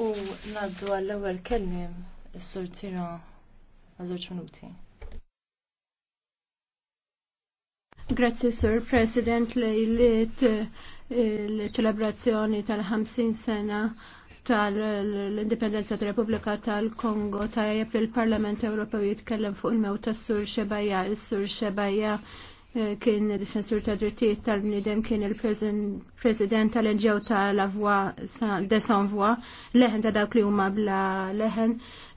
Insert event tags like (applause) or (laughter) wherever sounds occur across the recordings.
U naddu għall-ewwel kellim is sortina għazorċ minuti. Grazzi Sur President lejliet eh, l ċelebrazzjoni tal-50 sena tal-indipendenza tal-Repubblika tal-Kongo tajjeb il-Parlament Ewropew jitkellem fuq il-mew tas-Sur Xebajja, is-Sur Xebajja Eh, kien difensur ta' drittijiet tal-bnidem kien il-president tal-NGO ta' avwa de Sanvwa, leħen ta' dawk li huma bla leħen,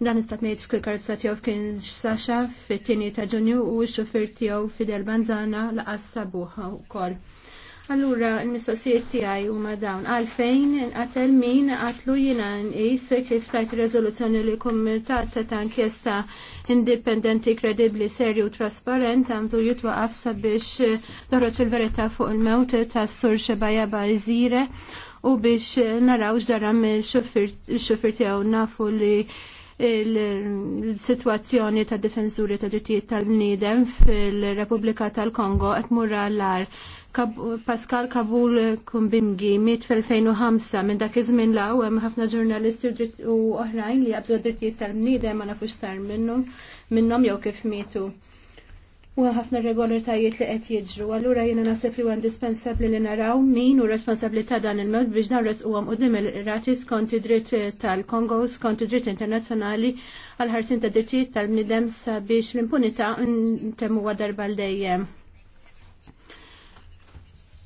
dan mejt fil-karozza tiegħu kien Sasha fit-tieni ta' Ġunju u x-xufier tiegħu Fidel Banzana laqas sabuħ ukoll. Allura, il-mistoqsijiet tiegħi huma dawn. Għalfejn għatel min qatlu n is kif tajt riżoluzzjoni li kumitat ta' inkjesta indipendenti, kredibbli, serju u trasparent għandu għafsa biex toħroġ il verita fuq il-mewt ta' sur xebaja bajzire u biex naraw x'dara mill-xufir tiegħu nafu li il-situazzjoni ta' difenzuri ta' drittijiet tal bnidem fil-Repubblika tal-Kongo qed murra l-ar Pascal Kabul Kumbingi miet fil-2005 minn dak iż-żmien law hemm ħafna ġurnalisti u oħrajn li qabżu drittijiet tal-bniedem ma nafux x'tar minnhom minnhom jew kif mietu. U ħafna regolaritajiet li qed jiġru. Allura jiena naħseb li huwa indispensabbli li naraw min u responsabbli ta' dan il-mod biex dan resquhom qudiem il-rati skont id-dritt tal-Kongo, skont id-dritt internazzjonali għal ħarsin ta' drittijiet tal-bniedem sabiex l-impunità ntemmuha darba l dejjem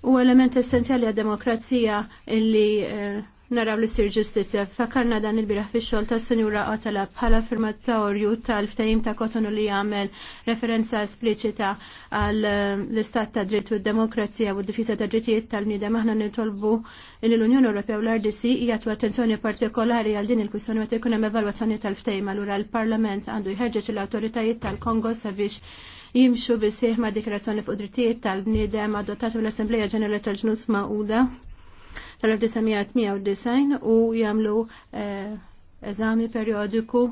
u element essenzjali għad-demokrazija illi eh, naraw li sir ġustizja. Fakarna dan il-biraħ fi xol ta' senjura għatala bħala firmatorju tal-ftajim ta' kotonu li jagħmel referenza esplicita għal eh, l-istat ta' dritt u d-demokrazija u d difisa ta' drittijiet tal-nida maħna nitolbu li l-Unjoni Ewropea u l-RDC jgħatu attenzjoni partikolari għal din il-kwissjoni meta jkun hemm evalwazzjoni tal-ftajim allura l-Parlament għandu jħerġeġ l-awtoritajiet tal-Kongo sabiex jimxu bisieħ ma' dikrazzjoni fuq drittijiet tal-bniedem adottat l assembleja Ġenerali tal-Ġnus Mawda tal-1998 u jagħmlu eh, eżami periodiku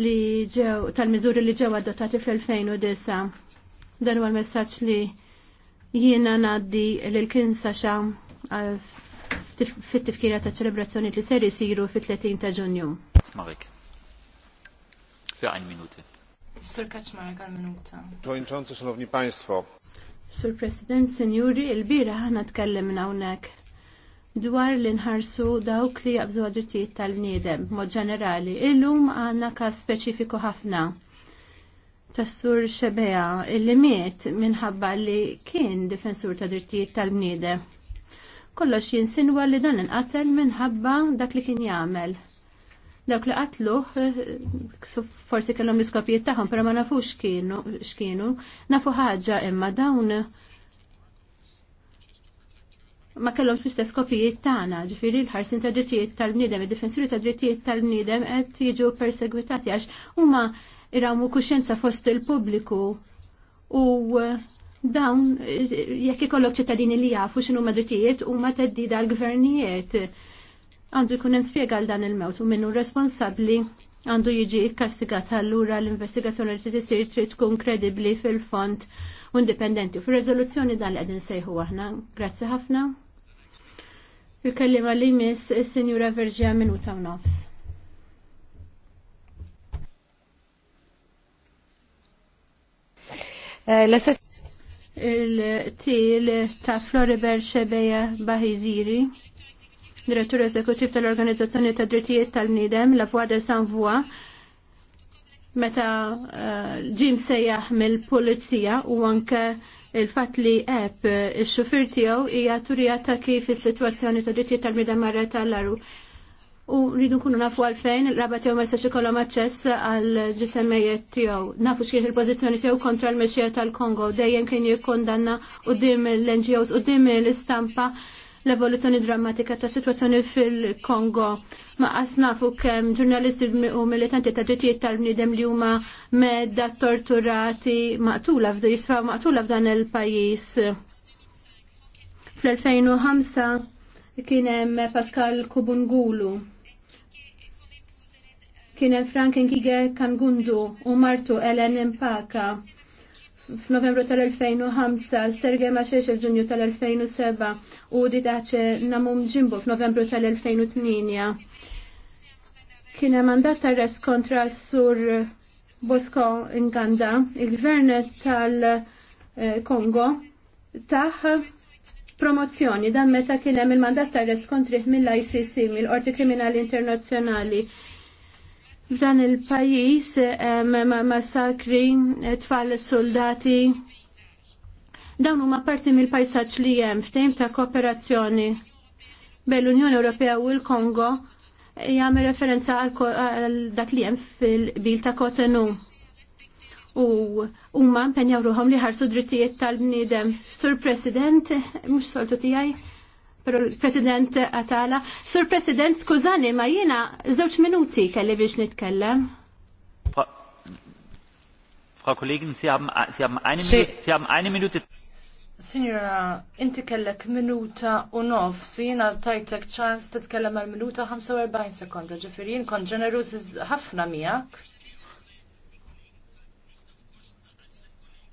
li ġew tal-miżuri li ġew adottati fl-2009. Dan huwa l-messaġġ li jiena ngħaddi lil kien saxa eh, fit-tifkira ta' ċelebrazzjoni li ser isiru fit-30 ta' Ġunju. Smarek. Fi għajn minuti. Sur Kaczmarek Szanowni Państwo. Sur President, Senjuri, il-bira ħana tkellimna hawnhekk dwar li nħarsu dawk li jabżu għadrittijiet tal-niedem, mod ġenerali. Illum għanna ka speċifiku ħafna. Tassur xebeja, illi miet minħabba li kien difensur ta' drittijiet tal-niedem. Kollox jinsinwa li dan inqatel minħabba dak li kien jagħmel. Dawk li qatluh eh, forsi kellhom l-iskopijiet tagħhom, però ma nafux kienu x'kienu. Nafu ħaġa imma dawn ma kellhomx l-istess kopijiet tagħna, ġifieri l-ħarsin ta' drittijiet tal-bniedem, id-difensuri ta' drittijiet tal-bniedem qed jiġu persegwitati għax huma irawmu kuxjenza fost il-pubbliku u eh, dawn eh, jekk ikollok ċittadini li jafu x'inhuma drittijiet huma teddida għall gvernijiet għandu jkun hemm spjega għal dan il-mewt u minnu responsabbli għandu jiġi kastigat allura l-investigazzjoni li tisir trid tkun kredibbli fil-fond u indipendenti. F'riżoluzzjoni dan li qegħdin sejħu aħna. Grazzi ħafna. Il-kellima li miss is-Sinjura Verġija minuta u nofs. Eh, il tiel ta' Floriber Xebeja Bahiziri direttur eżekutiv tal-Organizzazzjoni ta' Drittijiet tal-Nidem, la Fuad de meta eh, ġim sejjaħ mill-Pulizija u anke il-fat li eb il-xufir tiegħu hija turija ta' kif is-sitwazzjoni ta' drittijiet tal-midem marret tal-aru. U rridu nkunu nafu għalfejn, rabat jew ma xi ikollhom aċċess għal ġisemmejiet tiegħu. Nafu x'kien il-pożizzjoni tiegħu kontra l-mexxija tal-Kongo dejjem kien jikkondanna quddiem l-NGOs quddiem l-istampa l-evoluzzjoni drammatika ta' situazzjoni fil-Kongo. Ma' asnafu kem ġurnalisti u militanti ta' ġetijiet tal-bnidem li huma medda torturati maqtula jisfaw maqtula f'dan il-pajis. Fl-2005 kienem Pascal Kubungulu kienem Frank Nkige Kangundu u martu Ellen Impaka f'Novembru tal-2005, Sergej Maċeċev f'Ġunju tal-2007 u di daċe namum ġimbu f'Novembru tal-2008. Kien hemm mandat ta' rest kontra sur Bosco Nganda, il-gvern tal-Kongo taħ promozzjoni dan meta kien hemm il-mandat ta' rest kontriħ mill-ICC mill-Qorti Kriminali Internazzjonali F'dan il-pajis massakri tfal soldati dawn huma parti mill-pajsaġġ li hemm ftejn ta' kooperazzjoni bejn l-Unjoni Ewropea u l-Kongo jagħmel referenza għal dak li hemm fil bil ta' Kotenu. u huma mpenjaw ruhom li ħarsu drittijiet tal-bniedem. Sur President, mhux soltu tiegħi, President Atala. Sur President, skużani, ma jiena żewġ minuti kelli biex nitkellem. Frau Kollegin, Sie haben, Sie haben, eine, Minute, Sie haben eine Minute. Signora, inti kellek minuta u nof, su jina tajtek ċans titkellem għal minuta 45 sekonda, ġifiri jien kon ġenerus ħafna miegħek.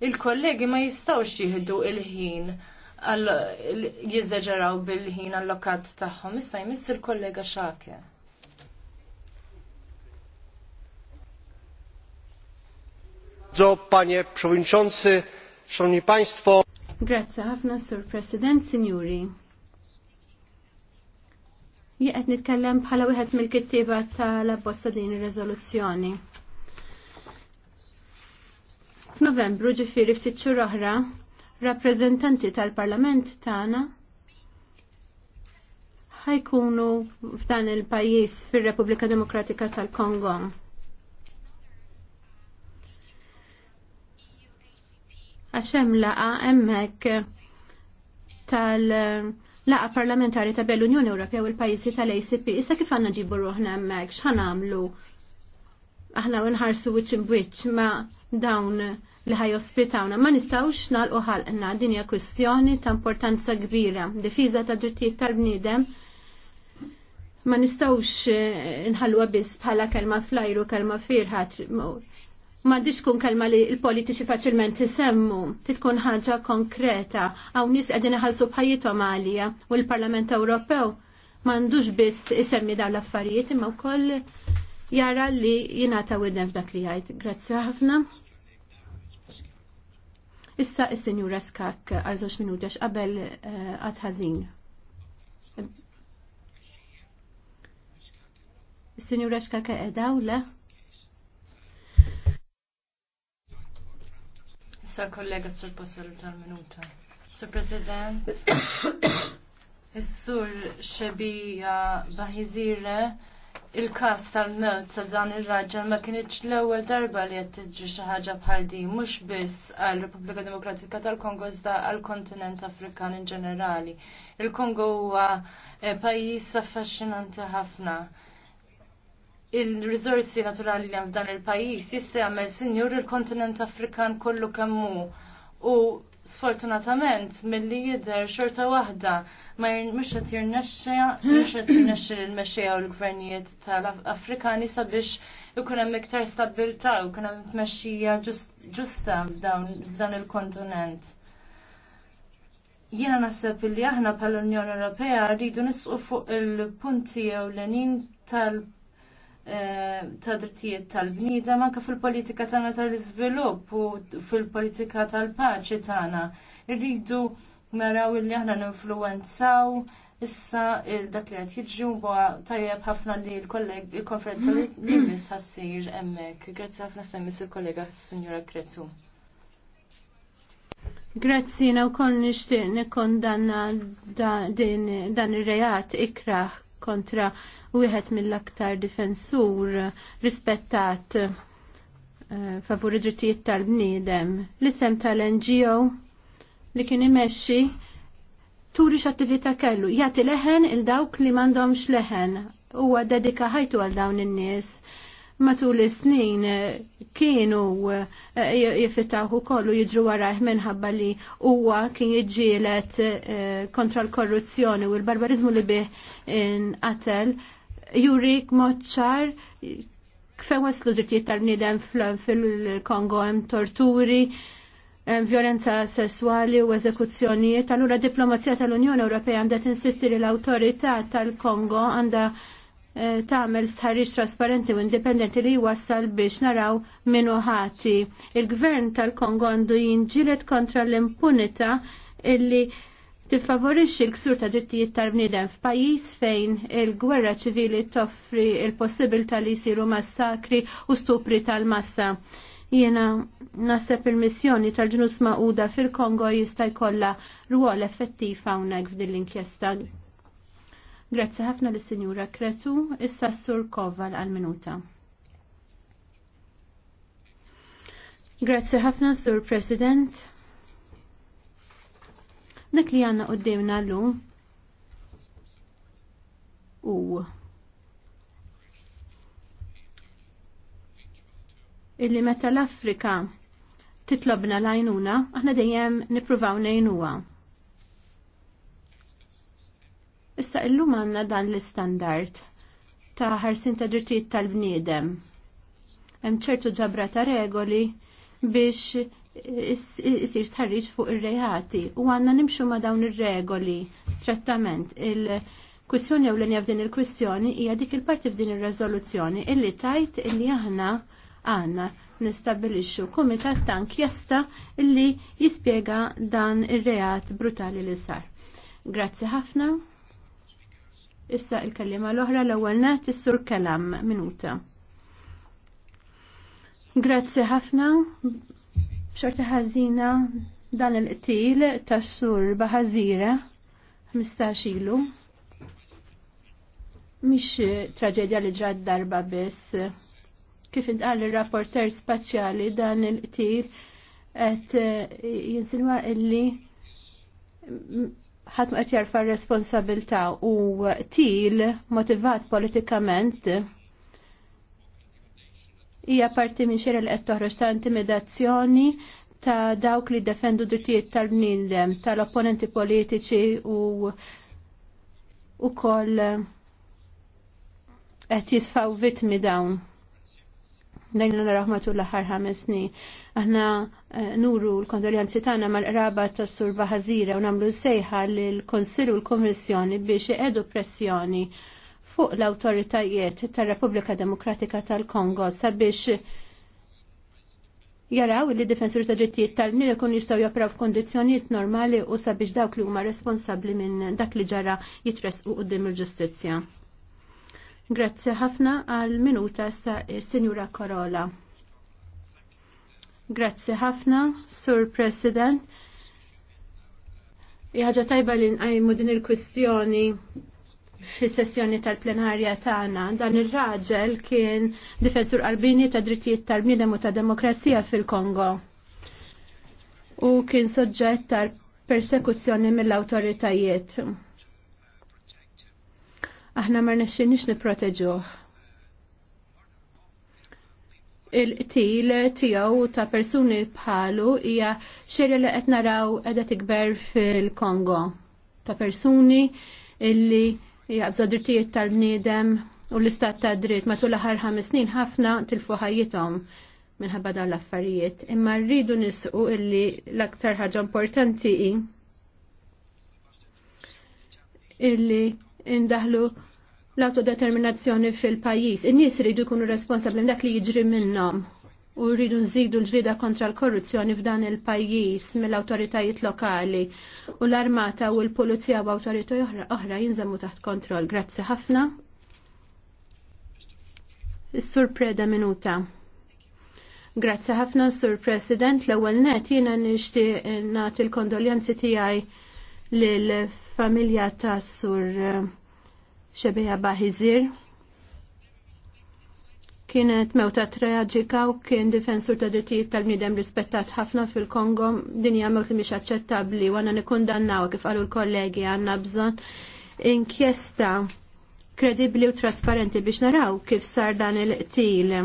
Il-kollegi ma jistawx jihdu il-ħin jizzeġeraw bil-ħin allokat tagħhom. Issa jmiss il-kollega Xake. Panie Przewodniczący, Szanowni Państwo. Grazie ħafna, Sur President, Signori. Jaqet nitkellem bħala wieħed mill-kittiba tal-abbozza din ir-riżoluzzjoni. F'Novembru ġifieri ftit xhur oħra rappresentanti tal-Parlament tagħna ħajkunu f'dan il-pajjiż fir-Repubblika Demokratika tal-Kongo. Għax hemm laqa hemmhekk tal- laqa parlamentari ta' bell-Unjoni Ewropea u l-pajjiżi tal-ACP. Issa kif għandna ġibu ruħna hemmhekk, x'ħan għamlu? Aħna nħarsu wiċċ imbiċċ ma' dawn li ħaj ospitawna. Ma nistawx nalqu ħalqna din hija kwistjoni ta' importanza kbira. Difiża ta' drittijiet tal-bniedem ma nistawx eh, nħalluha biss bħala kelma flajru, kelma firħat. Ma diċ kun kelma li l-politiċi faċilment tisemmu, titkun ħaġa konkreta, għaw nis għedin ħalsu bħajjitom għalija u l-Parlament Ewropew M'għandux biss isemmi dawn l-affarijiet imma wkoll jara li jingħata widnef dak li jgħid. Grazzi ħafna. Issa is-Sinjura Skak għal żewġ minuti għax qabel eh, għad ħażin. Is-Sinjura Skak qiegħda le? Issa kollega sur posal tal-minuta. Sur President, (coughs) is-sur Xebija Bahizire il-kas tal-mewt ta' dan ir-raġel ma kienx l-ewwel darba li qed tiġi xi ħaġa bħal din mhux biss għall Repubblika Demokratika tal-Kongo iżda għall kontinent Afrikan in ġenerali. Il-Kongo huwa eh, pajjiż affaxxinanti ħafna. Il-riżorsi naturali li hemm f'dan il-pajjiż jista' jagħmel sinjur il-kontinent Afrikan kollu kemm hu. U sfortunatament milli jidher xorta waħda ma mhux qed jirnexxija hmm? jirnexxi l-mexxija u l-gvernijiet tal-Afrikani sabiex ikun hemm iktar stabilità u jkun hemm tmexxija ġusta f'dan il-kontinent. Jiena naħseb li aħna bħall-Unjoni Ewropea rridu nisqu fuq il-punti ewlenin tal- Eh, ta' drittijiet tal-bnida manka fil-politika tagħna tal-iżvilupp u fil-politika tal-paċi tagħna. Irridu naraw li aħna ninfluwenzaw issa il-dak li qed jiġu tajjeb ħafna li l-kolleg il-konferenza li miss ħassir hemmhekk. Grazzi ħafna semmis il-kollega Sinjura Kretu. Grazzi, na wkoll nixtieq nikkondanna dan ir-reat ikrah kontra u wieħed mill-aktar difensur rispettat eh, favur id-drittijiet tal-bniedem. L-isem tal-NGO li kien imexxi turi x'attività kellu, jagħti leħen il dawk li m'għandhomx leħen huwa dedika ħajtu għal dawn in-nies matul is-snin eh, kienu eh, jifittaħu kollu jiġru warajh minħabba li huwa kien jiġġielet kontra l-korruzzjoni u l-barbarizmu li bih inqatel jurik moċċar kfe waslu drittijiet tal-bniedem fil-Kongo hemm torturi, hemm violenza sessuali u eżekuzzjonijiet. Allura diplomazija tal-Unjoni Ewropea għandha tinsisti li l-awtorità tal-Kongo għandha eh, tagħmel stħarriġ trasparenti u indipendenti li jwassal biex naraw minu ħati. Il-gvern tal-Kongo għandu jinġilet kontra l-impunità illi tiffavorixxi l-ksur ta' drittijiet tal-bniedem f'pajjiż fejn il-gwerra ċivili toffri il-possibilità li jsiru massakri u stupri tal-massa. Jiena naħseb il-missjoni tal-ġnus Mauda fil-Kongo jista' jkollha rwol effettiv hawnhekk f'din l-inkjesta. Grazzi ħafna lis sinjura Kretu, issa s-sur Koval għal-minuta. Grazzi ħafna, Sur President. Dak li għanna qoddimna l-lum u illi meta l-Afrika titlobna l lajnuna, aħna dejjem nipruvaw nejnuha. Issa illum għanna dan l-istandard ta' ħarsin ta' drittijiet tal-bniedem. Hemm ċertu ġabra ta' regoli biex isir starriċ fuq ir-rejati u għanna nimxu ma dawn ir-regoli strettament il-kwistjoni u l-enja f'din il-kwistjoni hija dik il-parti f'din ir-rezoluzzjoni illi tajt illi aħna għanna nistabilixxu kumitat tank jesta illi jispjega dan ir-reat brutali li sar. Grazzi ħafna. Issa il-kallima l-oħra l-ewwel nagħti sur kalam minuta. Grazzi ħafna Xorta ħażina dan il-qtil tas-sur Baħazira 15 ilu. Mhix traġedja li ġrad darba biss. Kif intqal il rapporter spaċjali dan il-qtil qed jinsinwa illi ħadd ma qed jarfa' r-responsabilità u til motivat politikament hija parti minn xira qed toħroġ ta' intimidazzjoni ta' dawk li defendu drittijiet tal-bniedem, tal-opponenti politiċi u wkoll qed jisfaw vittmi dawn. Dajn l raħmatu l-aħħar ħames snin. Aħna eh, nuru l-kondoljanzi tagħna mal-qraba tas-sur Baħażira u nagħmlu sejħa lill-Konsill u l-Kummissjoni biex iqedu pressjoni fuq l-autoritajiet tar-Repubblika Demokratika tal-Kongo sabiex jaraw li defensur ta' ġittijiet tal-nil ikun jistgħu jopraw f'kondizjoniet normali u sabiex dawk li huma responsabbli minn dak li ġara u qudiem il-ġustizzja. Grazzi ħafna għal minuta sa' eh, Sinjura Korola. Grazzi ħafna, Sur President. Ħaġa tajba li nqajmu din il-kwistjoni fis sessjoni tal-plenarja tagħna. Dan ir-raġel kien difensur qalbini ta' drittijiet tal-bniedem u ta' demokrazija fil-Kongo. U kien soġġett tal persekuzzjoni mill-awtoritajiet. Aħna ma nixxinix nipproteġuh. Il-qtil tiegħu ta' persuni bħalu hija xejra li qed naraw qiegħda tikber fil-Kongo ta' persuni illi jgħabżu drittijiet tal-bniedem u l-istat ta' dritt matul l-aħħar ħames snin ħafna tilfu ħajjithom minħabba dawn l-affarijiet. Imma rridu nisqu illi l-aktar ħaġa importanti hi illi indaħlu l-autodeterminazzjoni fil-pajjiż. In-nies iridu jkunu responsabbli dak li jiġri minnhom u rridu nżidu l-ġlida kontra l-korruzzjoni f'dan il-pajjiż mill-awtoritajiet lokali u l-armata u l-pulizija u awtoritajiet oħra jinżammu taħt kontroll. Grazzi ħafna. Is-Sur Preda Minuta. Grazzi ħafna, Sur President. L-ewwel net jiena nixtieq nagħti l-kondoljanzi tiegħi lill-familja tas Sur Xebeja eh, Bahizir kienet mewta traġika u kien difensur ta' drittijiet tal midem rispettat ħafna fil-Kongo dinja mewt li mhix aċċettabbli u għandna nikkundannaw kif qalu l-kollegi għandna bżonn inkjesta kredibbli u trasparenti biex naraw kif sar dan il-qtil.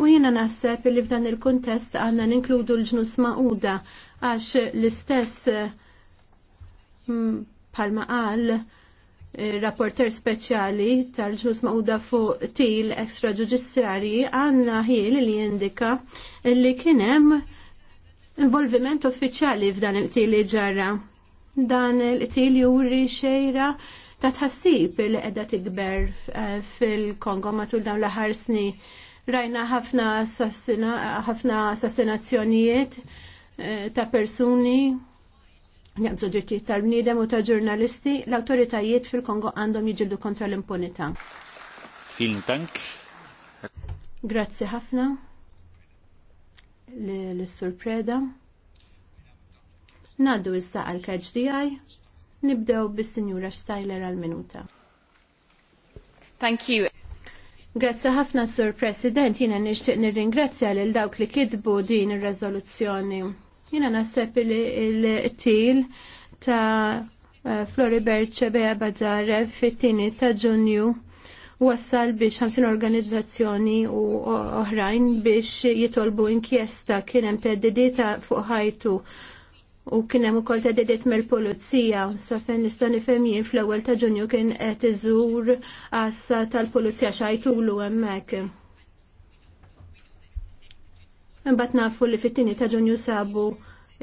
U jiena naħseb li f'dan il-kuntest għandna ninkludu l-ġnus ma'uda għax l-istess mm, palma qal rapporter speċjali tal-ġus maquda fuq til ekstra ġudizzjarji għanna ħil li jindika li kienem involviment uffiċjali f'dan il-til li ġarra. Dan il-til juri xejra ta' tħassib li qiegħda tikber eh, fil-Kongo matul dawn l-aħħar snin. Rajna ħafna assassinazzjonijiet eh, ta' persuni Naqbżu ġirtiet tal-bniedem u tal-ġurnalisti, l-autoritajiet fil-Kongo għandhom jġildu kontra l-impunità. Film tank. Grazzi ħafna l-surpreda. Naddu issa għal KHDI. nibdew bis-Sinjura Stajler għal-minuta. Thank you. Grazzi ħafna, Sur President, jina nishtiq nirringrazzja lil dawk li kidbu din ir-rezoluzzjoni Jina nasepp li l-til ta' Floribert Ċebeja Bazzare fit-tini ta' ġunju wassal biex 50 organizzazzjoni u oħrajn biex jitolbu inkjesta kienem teddidita fuq ħajtu u kienem u kol teddidiet mill-polizija. Safen nista' nifhem jien fl-ewwel ta' ġunju kien qed iżur għassa tal-pulizija xajtulu hemmhekk Imbagħad nafu li fit-tieni ta' Ġunju sabu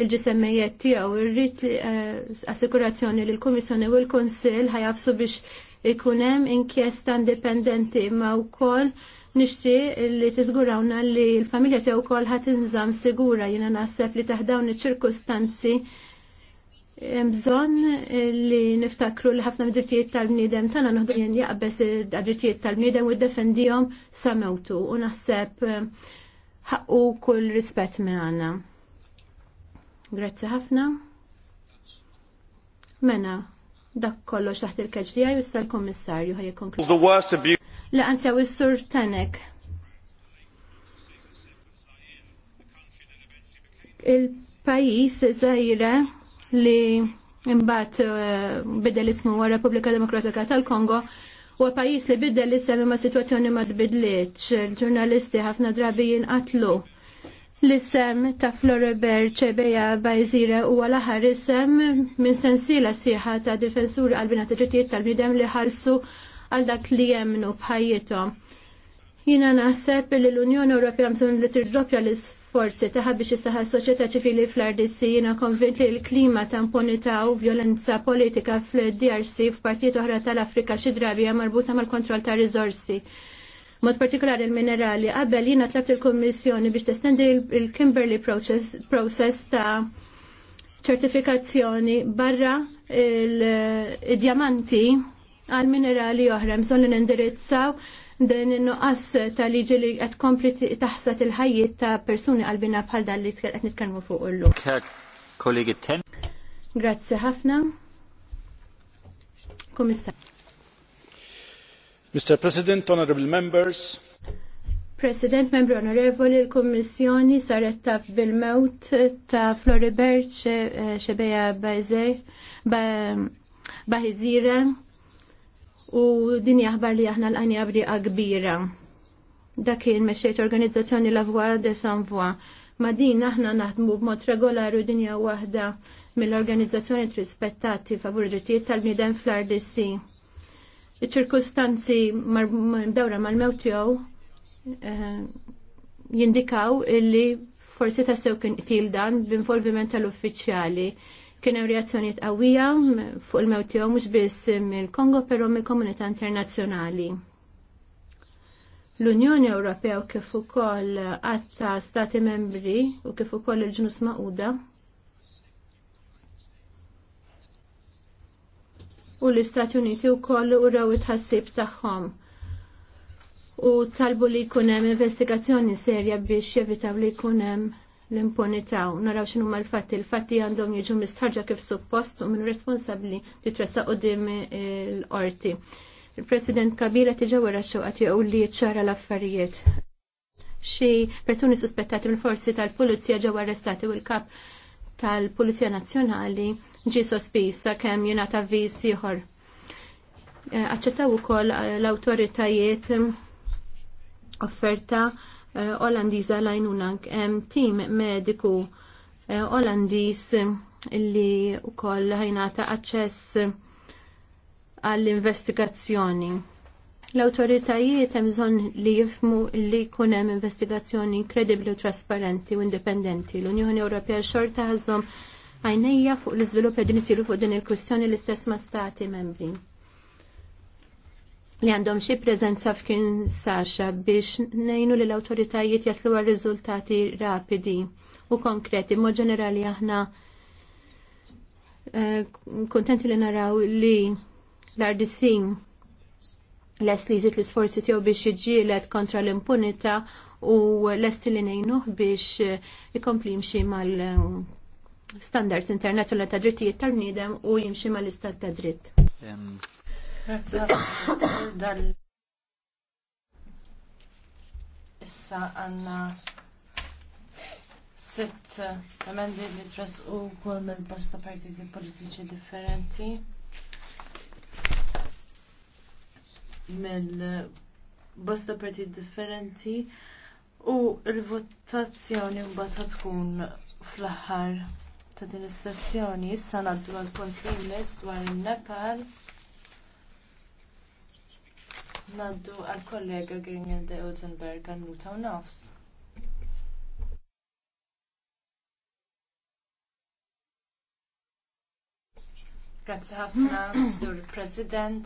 il-ġisemmejiet tiegħu irrid eh, assikurazzjoni li l-Kummissjoni u l-Kunsill ħajafsu biex ikun hemm inkjesta indipendenti ma wkoll nixti li tiżgurawna li l-familja tiegħu wkoll ħadd inżamm sigura jiena naħseb li taħt dawn iċ-ċirkustanzi bżonn li niftakru li ħafna mid-drittijiet tal-bniedem tagħna noħdu jien jaqbes id-drittijiet tal-bniedem u ddefendihom sa mewtu u naħseb eh, ħaqqu kull rispett minn għanna. Grazzi ħafna. Mena, dak kollox taħt il-kaġdija jussa l-kommissarju ħaj konkludi. La għanzja sur tanek. Il-pajis zaħira li imbat eh, bidel ismu għal Repubblika Demokratika tal-Kongo U pajis li biddel li semmi ma situazzjoni ma tbidliċ, il-ġurnalisti ħafna drabi jinqatlu. L-isem ta' Floriber Ċebeja bajzire u għal-aħar isem minn sensila sieħa ta' difensuri għal-bina t-ġitiet tal bidem li ħalsu għal dak li jemnu bħajjithom. Jina naħseb li l-Unjoni Ewropea mżun li tirdoppja l-isf forzi taħħa biex s soċjetà ċivili fl-RDC jiena konvint li l-klima ta' impunità u violenza politika fl-DRC f'partijiet oħra tal-Afrika xi drabi hija marbuta mal-kontroll ta' riżorsi. Mod partikolari l-minerali, qabel jiena tlabt il-Kummissjoni biex testendi il-Kimberley process ta' ċertifikazzjoni barra il-djamanti għal minerali oħra, bżonn li nindirizzaw Dan in-nuqqas ta' liġi li qed kompli taħsat il-ħajjiet ta' persuni qalbina bħal dan li qed nitkellmu fuq ullu. Kollegi Ten. Grazzi ħafna. Komissar. Mr. President, Honorable Members. President, Membru Onorevoli, il-Kommissjoni saret bil-mewt ta' Floribert Xebeja eh, Bahizira u din jaħbar li aħna l-għani għabrija kbira. Dakin meċċejt organizzazzjoni la Voix de San Voix. Ma din aħna naħdmu b'mod regolari dinja waħda mill-organizzazzjoni trispettati favur drittijiet tal-bniedem fl-RDC. Iċ-ċirkustanzi mdawra mal-mewt tiegħu eh, jindikaw illi forsi tassew kien dan b'involviment tal-uffiċjali Kien hemm reazzjonijiet qawwija fuq il-mewt tiegħu mhux biss mill-Kongo però mill-komunità internazzjonali. L-Unjoni Ewropea u kif ukoll għatta stati membri u kif ukoll il-ġnus maquda u l-Istati Uniti u koll u raw it-ħassib tagħhom. U talbu li jkun hemm investigazzjoni serja biex jevitaw li jkun hemm l-impunità u naraw xinu ma l-fatti. L-fatti għandhom jiġu mistħarġa kif suppost u minn responsabli li tressa qoddim eh, l-orti. Il-President Kabila tiġa wara xoqati u li ċara l-affarijiet. Xi persuni suspettati minn forsi tal-pulizija ġew arrestati u l-kap tal-Pulizija Nazzjonali ġi sospisa kemm jingħata viż ieħor. Eh, aċċettaw ukoll l-awtoritajiet offerta Eh, Olandiża lajnuna hemm tim mediku eh, Olandiż li wkoll ħajnata aċċess għall-investigazzjoni. L-awtoritajiet hemm bżonn li jifmu li jkun hemm investigazzjoni kredibbli u trasparenti u indipendenti. L-Unjoni Ewropea xorta ħażhom għajnejja fuq l-iżvilupp li fuq din il-kwistjoni l-istess ma' stati membri li għandhom xi preżenza f'kien saxa biex nejnu li l-autoritajiet jaslu għal riżultati rapidi u konkreti. Mod ġenerali aħna eh, kontenti li naraw li l-RDC les li jizit l-sforzi tiegħu biex jiġġieled kontra l-impunità u lesti li nejnuh biex ikompli jimxi mal standards internazzjonali ta' drittijiet tal-bniedem u jimxi mal-istat ta' dritt. Grazie Issa għanna sitt emendi li u kol mill bosta partiti politiċi differenti mill bosta partiti differenti u l-votazzjoni mbagħad tkun fl-aħħar ta' din is-sessjoni issa ngħaddu għal punt li dwar in-Nepal. Naddu għal-kollega Gringen de Utenberg għannuta u nofs. Grazie ħafna, Sur President.